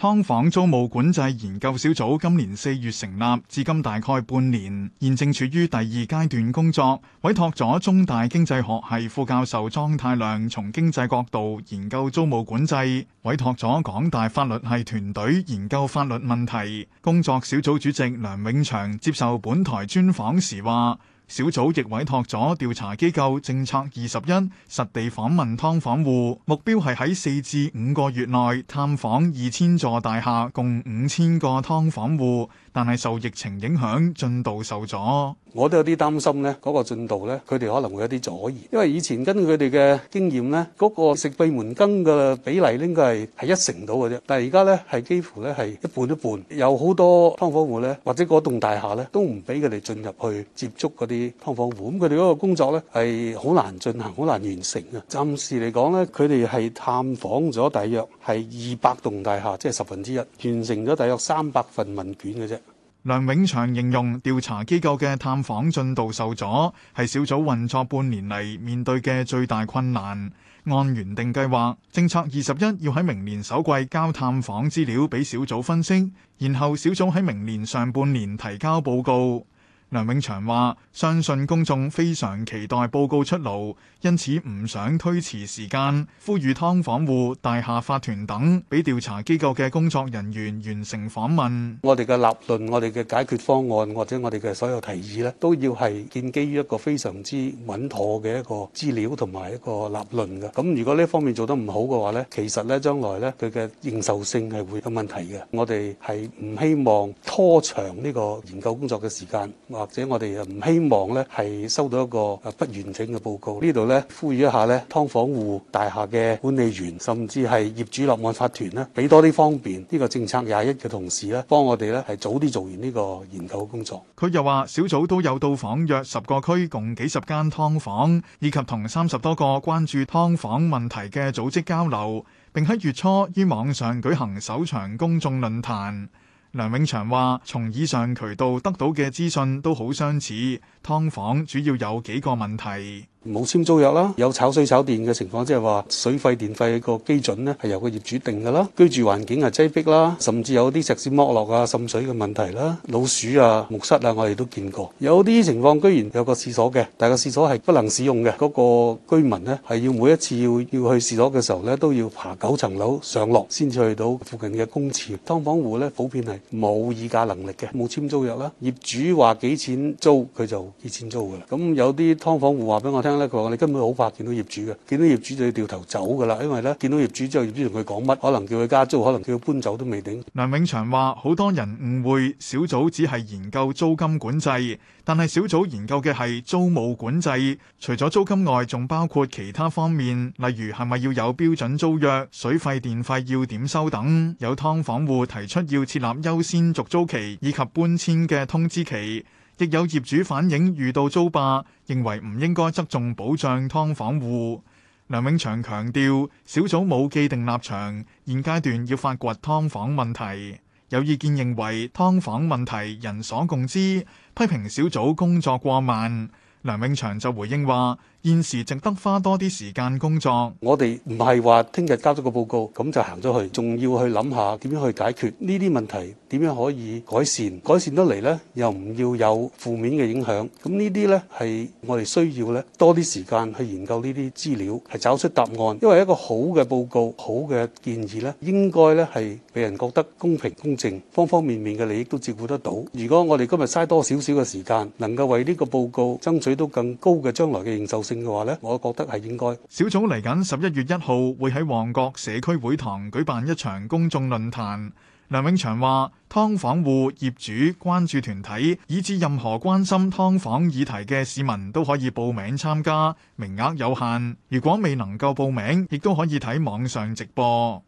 劏房租務管制研究小組今年四月成立至今大概半年，現正處於第二階段工作，委託咗中大經濟學系副教授莊太亮從經濟角度研究租務管制，委託咗港大法律系團隊研究法律問題。工作小組主席梁永祥接受本台專訪時話。小組亦委託咗調查機構政策二十一，實地訪問劏房戶，目標係喺四至五個月內探訪二千座大廈，共五千個劏房戶。但係受疫情影響，進度受阻。我都有啲擔心呢，嗰個進度呢，佢哋可能會有啲阻延。因為以前根據佢哋嘅經驗呢，嗰個食閉門羹嘅比例應該係係一成到嘅啫。但係而家呢，係幾乎呢係一半一半。有好多劏房戶呢，或者個棟大廈呢，都唔俾佢哋進入去接觸嗰啲劏房戶。咁佢哋嗰個工作呢，係好難進行，好難完成嘅。暫時嚟講呢，佢哋係探訪咗大約係二百棟大廈，即係十分之一，完成咗大約三百份問卷嘅啫。梁永祥形容調查機構嘅探訪進度受阻，係小組運作半年嚟，面對嘅最大困難。按原定計劃，政策二十一要喺明年首季交探訪資料俾小組分析，然後小組喺明年上半年提交報告。梁永祥話：相信公眾非常期待報告出爐，因此唔想推遲時間，呼籲劏房戶、大廈法團等俾調查機構嘅工作人員完成訪問。我哋嘅立論、我哋嘅解決方案或者我哋嘅所有提議咧，都要係建基於一個非常之穩妥嘅一個資料同埋一個立論嘅。咁如果呢方面做得唔好嘅話呢，其實呢，將來呢，佢嘅認受性係會有問題嘅。我哋係唔希望拖長呢個研究工作嘅時間。或者我哋唔希望呢，係收到一個不完整嘅報告。呢度呢，呼籲一下呢，劏房戶、大廈嘅管理員，甚至係業主立案法團咧，俾多啲方便。呢個政策廿一嘅同事呢，幫我哋呢，係早啲做完呢個研究工作。佢又話小組都有到訪約十個區共幾十間劏房，以及同三十多個關注劏房問題嘅組織交流。並喺月初於網上舉行首場公眾論壇。梁永祥話，從以上渠道得到嘅資訊都好相似，劏房主要有幾個問題。冇簽租約啦，有炒水炒電嘅情況，即係話水費電費個基準咧，係由個業主定㗎啦。居住環境係擠迫啦，甚至有啲石屎剝落啊、滲水嘅問題啦，老鼠啊、木虱啊，我哋都見過。有啲情況居然有個廁所嘅，但係個廁所係不能使用嘅。嗰、那個居民咧係要每一次要要去廁所嘅時候咧，都要爬九層樓上落先至去到附近嘅公廁。劏房戶咧普遍係冇議價能力嘅，冇簽租約啦，業主話幾錢租佢就幾錢租㗎啦。咁有啲劏房戶話俾我聽。佢話：你根本好怕見到業主嘅，見到業主就要掉頭走噶啦。因為咧，見到業主之後，業主同佢講乜，可能叫佢加租，可能叫佢搬走都未定。梁永祥話，好多人誤會小組只係研究租金管制，但係小組研究嘅係租務管制，除咗租金外，仲包括其他方面，例如係咪要有標準租約、水費電費要點收等。有劏房戶提出要設立優先續租期以及搬遷嘅通知期。亦有業主反映遇到租霸，認為唔應該側重保障劏房戶。梁永祥強調，小組冇既定立場，現階段要發掘劏房問題。有意見認為，劏房問題人所共知，批評小組工作過慢。梁永祥就回應話：現時值得花多啲時間工作。我哋唔係話聽日交咗個報告咁就行咗去，仲要去諗下點樣去解決呢啲問題，點樣可以改善？改善得嚟咧，又唔要有負面嘅影響。咁呢啲咧係我哋需要咧多啲時間去研究呢啲資料，係找出答案。因為一個好嘅報告、好嘅建議咧，應該咧係俾人覺得公平、公正，方方面面嘅利益都照顧得到。如果我哋今日嘥多少少嘅時間，能夠為呢個報告增取到更高嘅將來嘅認受性嘅話呢，我覺得係應該。小組嚟緊十一月一號會喺旺角社區會堂舉辦一場公眾論壇。梁永祥話：劏房戶業主關注團體以至任何關心劏房議題嘅市民都可以報名參加，名額有限。如果未能夠報名，亦都可以睇網上直播。